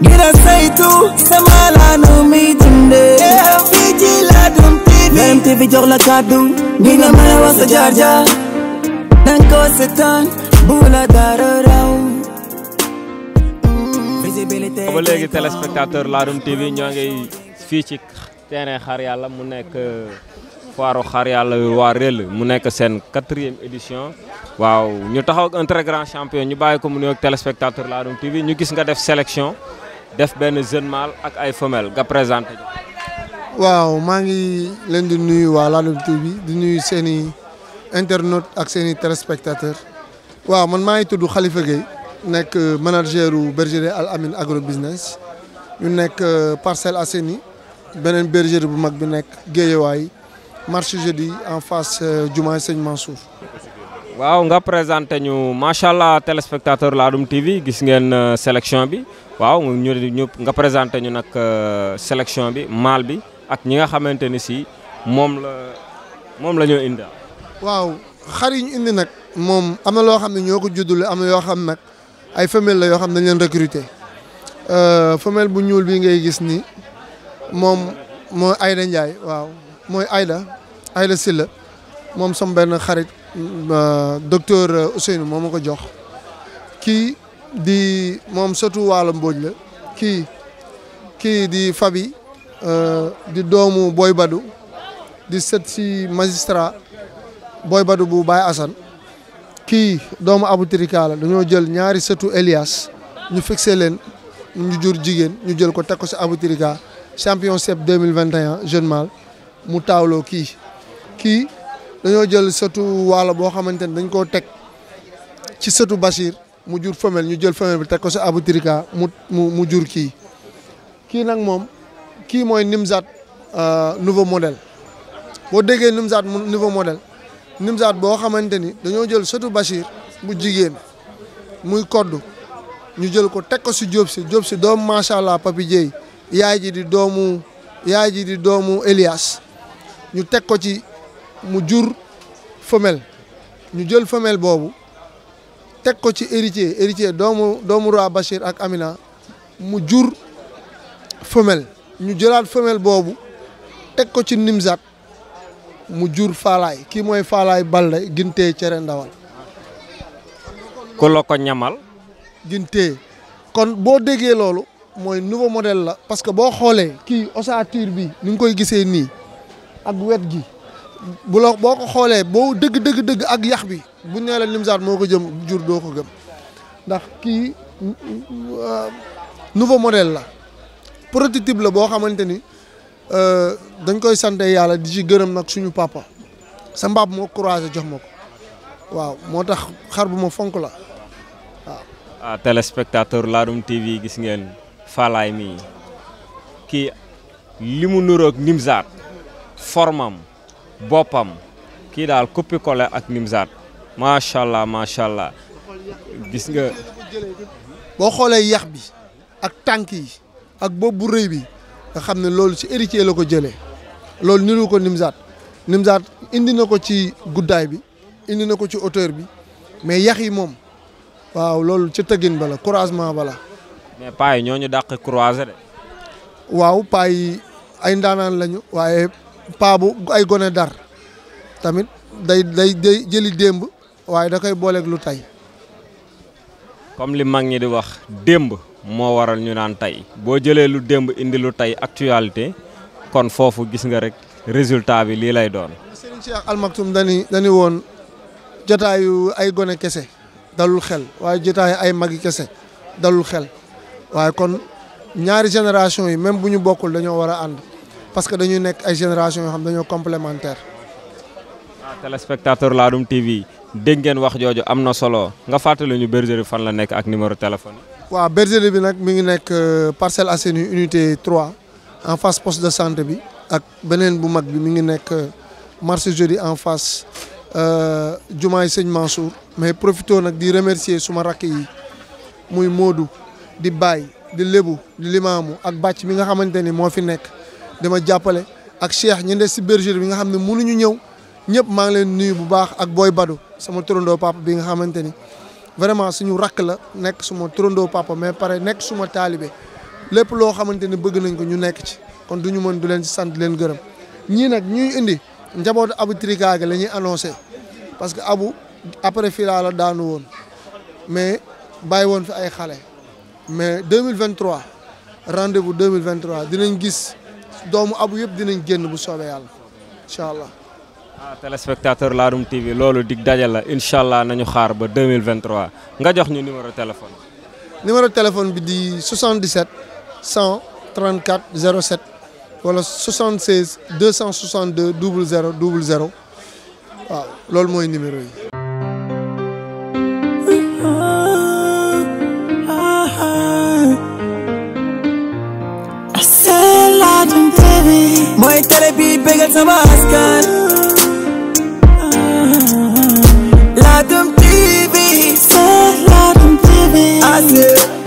ngir a saytu sama laanu mi dundee. fii ci Ladoum TV. TV jox la kàddu. mi nga mën a wax sa jaar jaar. danga ko seetaan bu la dara raw. Mm. ba léegi téléspectateur Ladoum TV ñoo ngi fii ci terrain xar yàlla mu nekk. foire xar yàlla waa réel mu nekk seen quatrième édition waaw ñu taxaw ak un très grand champion ñu bàyyi ko mu nuyoog téléspectateur Ladoum TV ñu gis nga def sélection def benn jeune mâle ak ay femelles nga présenté waaw maa ngi leen di nuyu waa Ladoum bi di nuyu seeni internet ak seen i téléspectateurs waaw man maa ngi tudd xalifa Gueye nekk euh, manager u bergerie Al Amine agro business ñu nekk euh, Parcelles Assainies beneen bergerie bu mag bi nekk Guédiawaye marché jeudi en face euh, jumaa Sëñ Mansour waaw nga présenté ñu macha allah téléspectateur Ladoum TV gis ngeen euh, sélection bi waaw ñu ñu nga présenté ñu nag euh, sélection bi maal bi ak ñi nga xamante ni si moom la moom la ñoo indi. waaw xar yi ñu indi nag moom am na loo xam ne ñoo ko juddule am na yoo xam nag ay femelle la yoo xam ne dañ leen recruter euh, femelle bu ñuul bi ngay gis ni moom mooy Aïda Ndiaye waaw mooy Aïda Aïda Sylla moom sama benn xarit. docteur euh, Ousseynou moo ma ko jox kii di moom sëtu Waalo Mbooj la kii kii di Fabi euh, di doomu Boy Badou di sët si magistrat Boy Badou bu baay Assane kii doomu Abu Trika la dañoo jël ñaari sëtu Elias ñu fixé leen ñu jur jigéen ñu jël ko teg ko si Abu Trika champion CEP 2021 jeune mâle mu taawloo kii kii dañoo jël sëtu waalo boo xamante ni dañ koo teg ci sëtu Bachir mu jur femelle ñu jël femelle bi teg ko si Abu Trika mu mu mu jur kii kii nag moom kii mooy Nimzat euh, nouveau model boo déggee Nimzat nouveau modèle Nimzat boo xamante ni dañoo jël sëtu Bachir bu jigéen muy koddu ñu jël ko teg ko si Diop si Diop si doom macha allah papi Dieye yaay ji di doomu yaay ji di doomu Elias ñu teg ko ci. mu jur femelle ñu jël femelle boobu teg ko ci héritier héritier doomu doomu roi Bachir ak Amina mu jur femelle ñu jëlaat femelle boobu teg ko ci Nimzat mu jur faalaay kii mooy faalaay Balde gintee cere ndawal. ku la ko ñamal. gintee kon boo déggee loolu mooy nouveau model la parce que boo xoolee kii ossature bi ni nga koy gisee nii ak wet gi. bu la boo ko xoolee boo dëgg dëgg dëgg ak yax bi bu nee la Nimzaat moo ko jëm jur doo ko gëm ndax kii euh, nouveau modèle la prototype la boo xamante ni euh, dañ koy sante yàlla di si gërëm nag suñu papa sa mbaab moo croisé jox ma ko waaw moo tax xar bu ma fonk la waaw. ah téléspectateur Ladoum TV gis ngeen Falaye mii kii li mu nuroog Nimzaat formam. boppam kii daal coppi collé ak Nimzaat macha allah macha allah gis nga. boo xoolee yax bi ak tànk yi ak bopp bu rëy bi nga xam ne loolu ci héritier la ko jëlee loolu niru ko Nimzaat Nimzaat indi na ko ci guddaay bi indi na ko ci hauteur bi mais yax yi moom waaw loolu ca tëggin ba la croisement mais paa yi ñoo ñu dàq croiser de. waaw paa ay ndaanaan lañu waaye. paa bu ay gone dar tamit day day day jëli démb waaye da koy booleeg lu tey. comme li mag ñi di wax démb moo waral ñu naan tey boo jëlee lu démb indi lu tey actualité kon foofu gis nga rek résultat bi lii lay doon. Serigne Cheikh Al dañuy dañuy woon jotaayu ay gone kese dalul xel waaye jotaayu ay magi kese dalul xel waaye kon ñaari génération yi même bu ñu bokkul dañoo war ànd. parce que dañu nekk ay génération yoo xam dañoo complémentaire ah téléspectateur Ladoum TV dégg ngeen wax jooju am na solo nga fàttali ñu bergerie fan la nekk ak numéro téléphone waaw bergerie bi nag mi ngi nekk euh, Parcelles Assainies unité trois en face poste de santé bi ak beneen bu mag bi mi ngi nekk euh, marché jeudi en face euh, jumaay sëñ Mansour mais profito nag di remercier suma rakk yi muy Modou di Baye di Lebu di Limaamu ak bàcc mi nga xamante ni moo fi nekk dama jàppale ak Cheikh ñu des si bergerie bi nga xam ne mënuñu ñëw ñëpp maa ngi leen nuyu bu baax ak Boy Badou sama turandoo papa bi nga xamante ni vraiment suñu rakk la nekk suma turandoo papa mais pare nekk suma taalibe lépp loo xamante ni bëgg nañ ko ñu nekk ci kon du ñu mën du leen sant leen gërëm ñii nag ñuy indi njabootu Abou Trika gi la ñuy annoncé parce que abu après Fila la daanu woon mais bàyyi woon fi ay xale mais 2023 rendez-vous 2023 dinañ gis. doomu abu yëpp dinañ génn bu soobee yàlla incha allah. ah téléspectateur Ladoum TV loolu dig daje la incha allah nañu xaar ba 2023 nga jox ñu numéro téléphone. numéro téléphone bi di 77 134 07 wala double 262 00 00 waaw loolu mooy numéro yi. may télé bi bégal sama askan Ladoum TV Ladoum TV